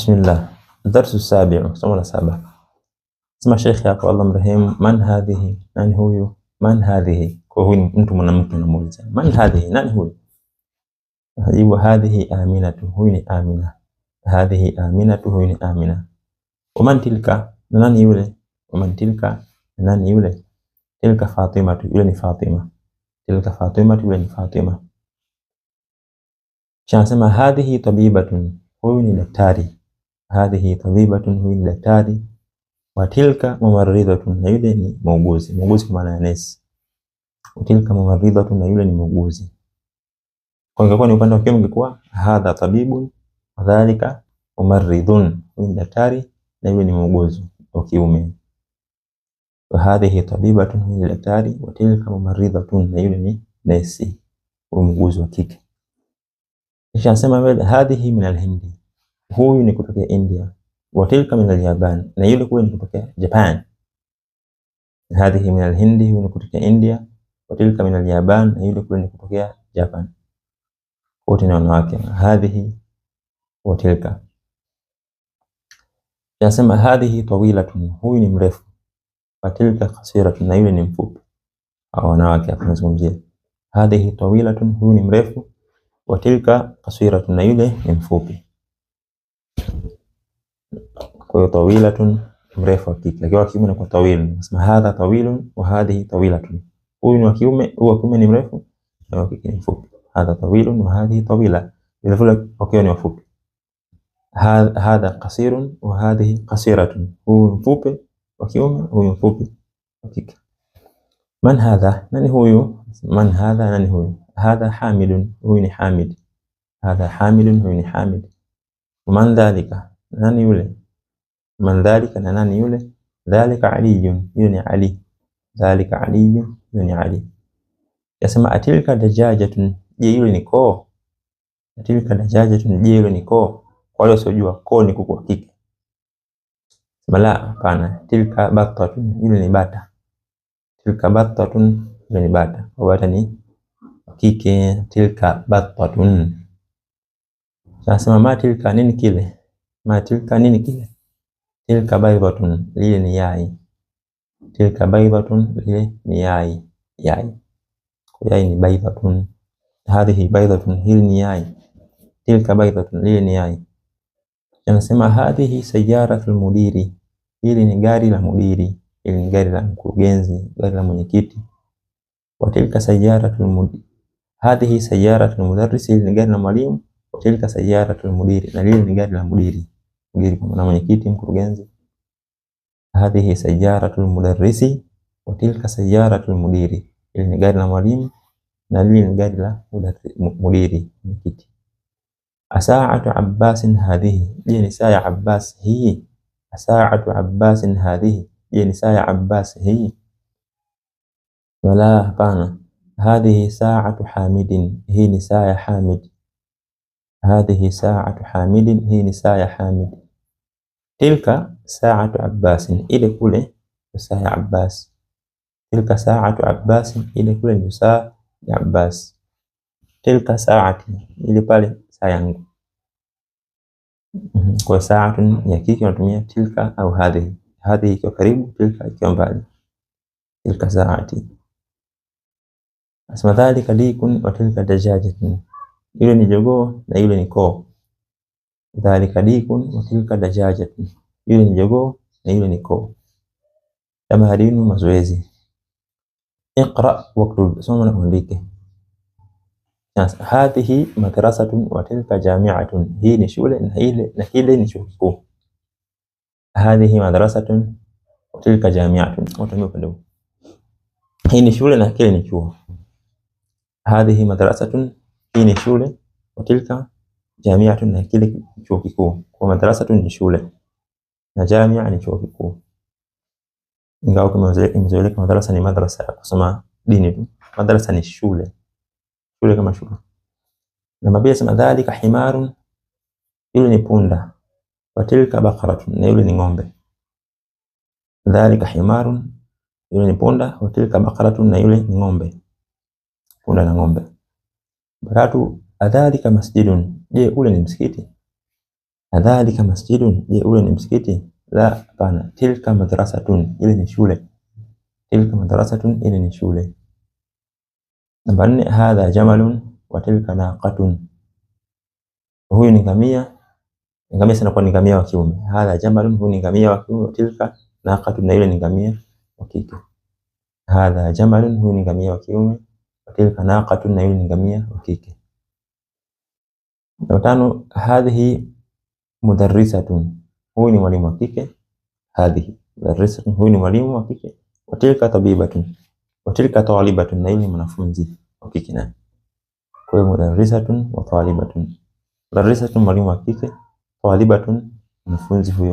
بسم الله الدرس السابع سمونا سابع اسمع شيخ يقول الله مرحيم من هذه من هو من هذه وهو انتم من ممكن نموذج من هذه من هو ايوه هذه آمنة هو آمنة هذه آمنة هو آمنة ومن تلك من يولي ومن تلك من يولي تلك فاطمة يولي فاطمة تلك فاطمة يولي فاطمة شان سما هذه طبيبة هو daktari hadhihi tabibatun, huyu ni daktari. Watilka mumaridhatun, na yule ni muuguzi. Muuguzi kwa maana ya nesi. Watilka mumaridhatun, na yule ni muuguzi. Kwa ingekuwa ni upande wa kiume ingekuwa hadha tabibun, wadhalika mumaridhun, huyu ni daktari na yule ni muuguzi wa kiume. Wa Hadhihi tabibatun, huyu ni daktari. Watilka mumaridhatun, na yule ni nesi, muuguzi wa kike. Kisha anasema hadhihi min alhindi huyu ni kutokea India, wa tilka min al-Japan, na yule kule ni kutokea Japan. Hadhihi min alhindi, huyu ni kutokea India, wa tilka min al-Japan, na yule kule ni kutokea Japan. Wote ni wanawake. Hadhihi wa tilka, yasema hadhihi tawilatun, huyu ni mrefu, wa tilka qasiratun, na yule ni mfupi. Au wanawake hapo nazungumzia. hadhihi tawilatun, huyu ni mrefu, wa tilka qasiratun, na yule ni mfupi. Kwa hiyo tawilatun, mrefu wa kike. Lakini wa kiume inakuwa tawilun, nasema hadha tawilun wa hadhihi tawilatun. Huyu ni wa kiume, huyu wa kiume ni mrefu na wa kike ni mfupi. Hadha tawilun wa hadhihi tawila, vile vile wakiwa ni wafupi. Hadha qasirun wa hadhihi qasiratun, huyu mfupi wa kiume, huyu mfupi wa kike. Man hadha, nani huyu? Man hadha, nani huyu? Hadha hamidun, huyu ni hamid. Hadha hamidun, huyu ni hamid. Man dhalika nani yule? Man dhalika, na nani yule? Dhalika aliyun, yule ni Ali. Dhalika aliyun, yule ni Ali. Yasema atilka dajajatun, je yule ni koo? Atilka dajajatun, je yule ni koo? Kwa wale wasiojua koo ni kuku wa kike. Sema la, hapana. Tilka batatun, yule ni bata. Tilka batatun, yule ni bata. Kwa bata ni kike. Tilka batatun. Sasa ma tilka, nini kile? Ma tilka nini kile? Tilka baibatun, lile ni yai. Tilka baibatun, lile ni yai. Yai kwa yai ni baibatun. Hadhihi baidatun, hili ni yai. Tilka baidatun, lile ni yai. Anasema hadhihi sayyaratul mudiri, hili ni gari la mudiri, hili ni gari la mkurugenzi, gari la mwenyekiti. Wa tilka sayyaratul mudiri, hadhihi sayyaratul mudarris, hili ni gari la mwalimu. Wa tilka sayyaratul mudiri, na lile ni gari la mudiri mgeni na mwenyekiti mkurugenzi. Hadhihi sayaratul mudarrisi wa tilka sayaratul mudiri, ili ni gari la mwalimu na lile ni gari la mudiri mwenyekiti. Asaatu abbasin hadhihi, je ni saa ya Abbas hii? Asaatu abbasin hadhihi, je ni saa ya Abbas hii? Wala, hapana. Hadhihi saatu hamidin, hii ni saa ya Hamid. Hadhihi saatu hamidin, hii ni saa ya Hamid tilka saatu abbasin, ile kule ni saa ya Abbas. Tilka saatu abbasin, ile kule ni saa ya Abbas. Tilka saati, ile pale saa yangu. Mhm, kwa saatu ya kike unatumia tilka au hadhihi, hadhihi iko karibu, tilka iko mbali. Tilka saati asma dhalika dikun wa tilka dajajatun, ile ni jogoo na ile ni koo Dhalika dikun wa tilka dajajatun, ile ni jogoo na ile ni koo. Tamarinu, mazoezi. Iqra waktub, soma na uandike. hadhihi madrasatun wa tilka jami'atun, hii ni shule na ile na ile ni chuo kikuu. Hadhihi madrasatun wa tilka jami'atun, watumie upande huu. Hii ni shule na kile ni chuo. Hadhihi madrasatun, hii ni shule wa tilka tu na kile chuo kikuu, kwa tu ni shule na jamia ni chuo kikuu, ingawa imezoeleka madarasa ni madrasa ya kusoma dini tu. madarasa ni shule, shule kama shule. Na mabia sema dhalika himarun, yule ni punda, watilka baqaratun, na yule ni ng'ombe. Dhalika himarun, yule ni punda, watilka baqaratun, na yule ni ng'ombe, punda na ng'ombe. Baratu Adhalika masjidun, je, ule ni msikiti? Adhalika masjidun, je, ule ni msikiti? La, hapana. Tilka madrasatun, ile ni shule. Tilka madrasatun, ile ni shule. Namba nne, hadha jamalun wa tilka naqatun, huyu ni ngamia. Ngamia sana kwa ni ngamia wa kiume. Hadha jamalun, huyu ni ngamia wa kiume. Tilka naqatun, na ile ni ngamia wa kike. Hadha jamalun, huyu ni ngamia wa kiume. Tilka naqatun, na ile ni ngamia wa kike. Namba tano, hadhihi mudarrisatun, huyu ni mwalimu wa kike. Hadhihi mudarrisatun, huyu ni mwalimu wa kike. Watilka tabibatun, watilka talibatun, na yule mwanafunzi wa kike Na Kwa hiyo mudarrisatun wa talibatun, mudarrisatun mwalimu wa kike, talibatun mwanafunzi huyo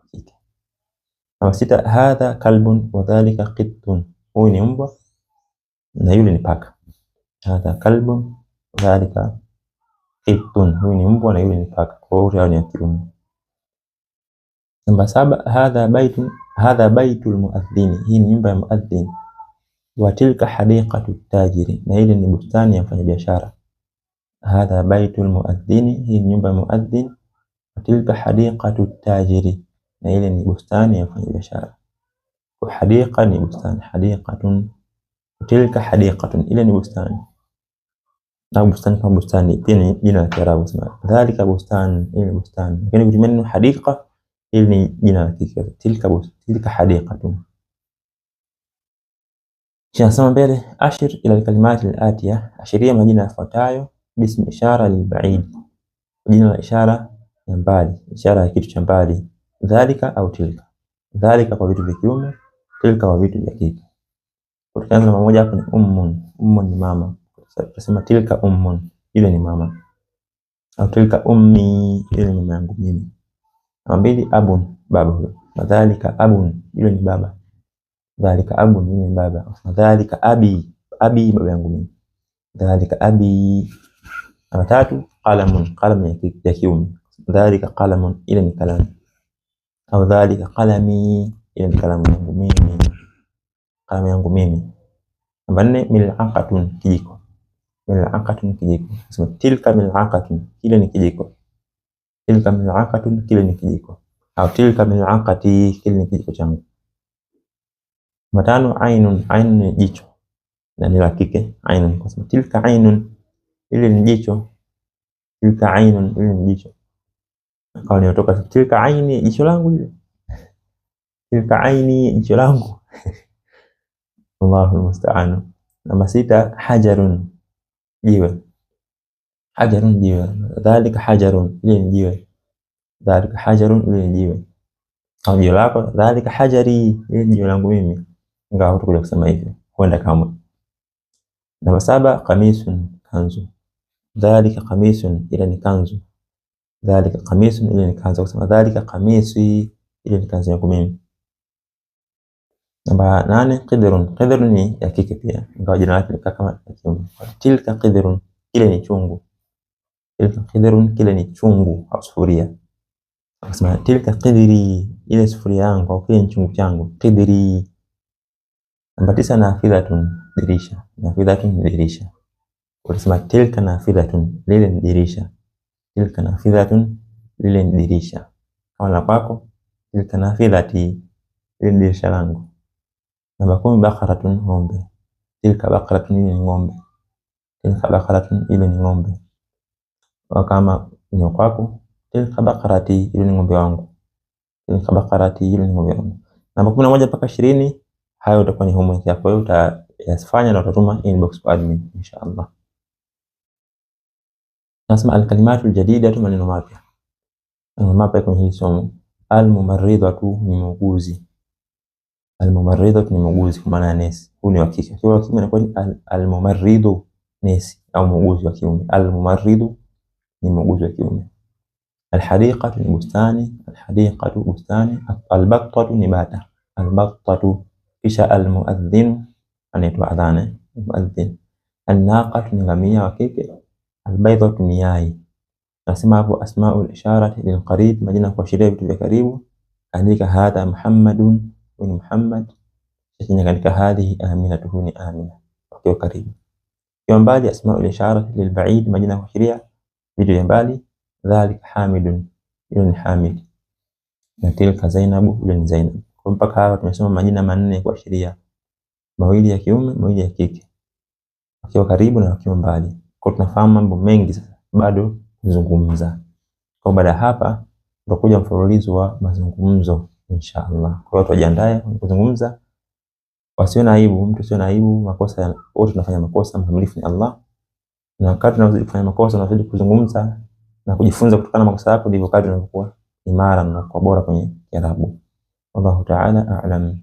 wa kike. Namba sita, hadha kalbun wa dhalika qittun, huyu ni mbwa na yule ni paka. Hadha kalbun wa dhalika قط huyu ni mbwa na yule ni paka, kwa hiyo hao ni wa kiume. Namba saba, hadha baitun hadha baitul muadhdhin, hii ni nyumba ya muadhdhin. Wa tilka hadiqatu tajiri, na ile ni bustani ya mfanyabiashara. Hadha baitul muadhdhin, hii ni nyumba ya muadhdhin. Wa tilka hadiqatu tajiri, na ile ni bustani ya mfanyabiashara. Hadiqa ni bustani, hadiqatun. Tilka hadiqatun, ile ni bustani أو بستان كما بستان إني جنا كرا ذلك بستان إني بستان يعني بدي منه حديقة إني جنا كيكا تلك بس تلك حديقة شان سما بيلي أشر إلى الكلمات الآتية أشرية ما جنا فتايو باسم إشارة للبعيد جنا إشارة ينبالي إشارة كيف شنبالي ذلك أو تلك ذلك هو بيتو بكيومي تلك هو بيتو بكيك وكان لما موجه أم أم ماما tunasema tilka ummun, ile ni mama, au tilka ummi, ile ni mama yangu mimi. Namba mbili, abun, baba huyo. Madhalika abun, ile ni baba. Dhalika abun, ile ni baba. Madhalika abi, abi, baba yangu mimi. Dhalika abi. Namba tatu, qalamun, qalamu ya kiume. Dhalika qalamun, ile ni kalamu, au dhalika qalami, ile ni kalamu yangu mimi, kalamu yangu mimi. Namba nne, mil'aqatun, kijiko Mil'aqatun kijiko. Sema tilka mil'aqatun, kile ni kijiko. Tilka mil'aqatun, kile ni kijiko. Au tilka mil'aqati, kile ni kijiko changu. Matano, ainun, ainun ni jicho na ni la kike ainun. Kwa sababu tilka ainun, ile ni jicho. Tilka ainun, ile ni jicho. Akawa niotoka tilka aini, jicho langu ile. Tilka aini, jicho langu. Allahu musta'an. Namba sita, hajarun jiwe. Hajarun jiwe. Dhalika hajarun, ile ni jiwe. Dhalika hajarun, ile ni jiwe. Au jiwe lako, dhalika hajari, ile ni jiwe langu mimi. Ingawa hutakuja kusema hivyo, huenda kama. Namba saba, kamisun, kanzu. Dhalika kamisun ile ni kanzu. Dhalika kamisun, ile ni kanzu. Kusema dhalika kamisi, ile ni kanzu yangu mimi. Namba nane, qidrun. Qidrun ni ya kike pia, ingawa jina lake likaa kama ya kiume. Tilka qidrun, kile ni chungu. Tilka qidrun, kile ni chungu au sufuria. Akasema tilka qidri, ile sufuria yangu au kile ni chungu changu. Qidri. Namba tisa, nafidhatun, dirisha. Nafidhatun ni dirisha. Utasema tilka nafidhatun, lile ni dirisha. Tilka nafidhatun, lile ni dirisha. Kama la kwako, tilka nafidhati, lile ni dirisha langu. Namba kumi, bakaratun, ng'ombe. Tilka bakaratun, ile ni ng'ombe. Tilka bakaratun, ile ni ng'ombe. wakama ni kwako, tilka bakarati, ile ni ng'ombe wangu. Tilka bakarati, ile ni ng'ombe wangu. Namba kumi na moja mpaka ishirini, hayo utakuwa ni homework yako wewe, utayafanya na utatuma inbox kwa admin inshallah. Nasema alkalimatu aljadida aljadidatu, maneno mapya. Maneno mapya kwenye hii somo. almumarridatu ni muuguzi Almumarridatu ni muuguzi kwa maana ya nesi. Huyu ni wa kike. Kwa kiume inakuwa ni almumarridu nesi au muuguzi wa kiume. Almumarridu ni muuguzi wa kiume. Alhadiqatu ni bustani. Alhadiqatu bustani. Albattatu ni bata. Albattatu. Kisha almuadhdhin anaitwa adhana. Muadhdhin. Alnaqatu ni ngamia wa kike. Albaydatu ni yai. Nasema hapo asmaul isharati lilqarib, majina ya kuashiria vitu vya karibu. Andika hadha Muhammadun huyu ni Muhammad, lakini katika hadhi amina huyu ni Amina wakiwa karibu. Kwa mbali asma ul ishara lil ba'id, majina ya kuashiria vitu vya mbali. dhalik Hamidun, huyu ni Hamid, na tilka zainab huyu ni Zainab. Kwa mpaka hapa tumesoma majina manne ya kuashiria, mawili ya kiume, mawili ya kike, wakiwa karibu na wakiwa mbali. Kwa tunafahamu mambo mengi sasa, bado kuzungumza. Kwa baada hapa ndo kuja mfululizo wa mazungumzo inshallah. Kwa hiyo tujiandae kuzungumza, wasiwe na aibu, mtu sio na aibu. Makosa wote tunafanya makosa, mkamilifu ni Allah, na wakati tunazidi kufanya makosa, tunazidi kuzungumza na kujifunza kutokana na makosa yako, ndivyo kadri unakuwa imara na kuwa bora kwenye Kiarabu. Wallahu ta'ala a'lam.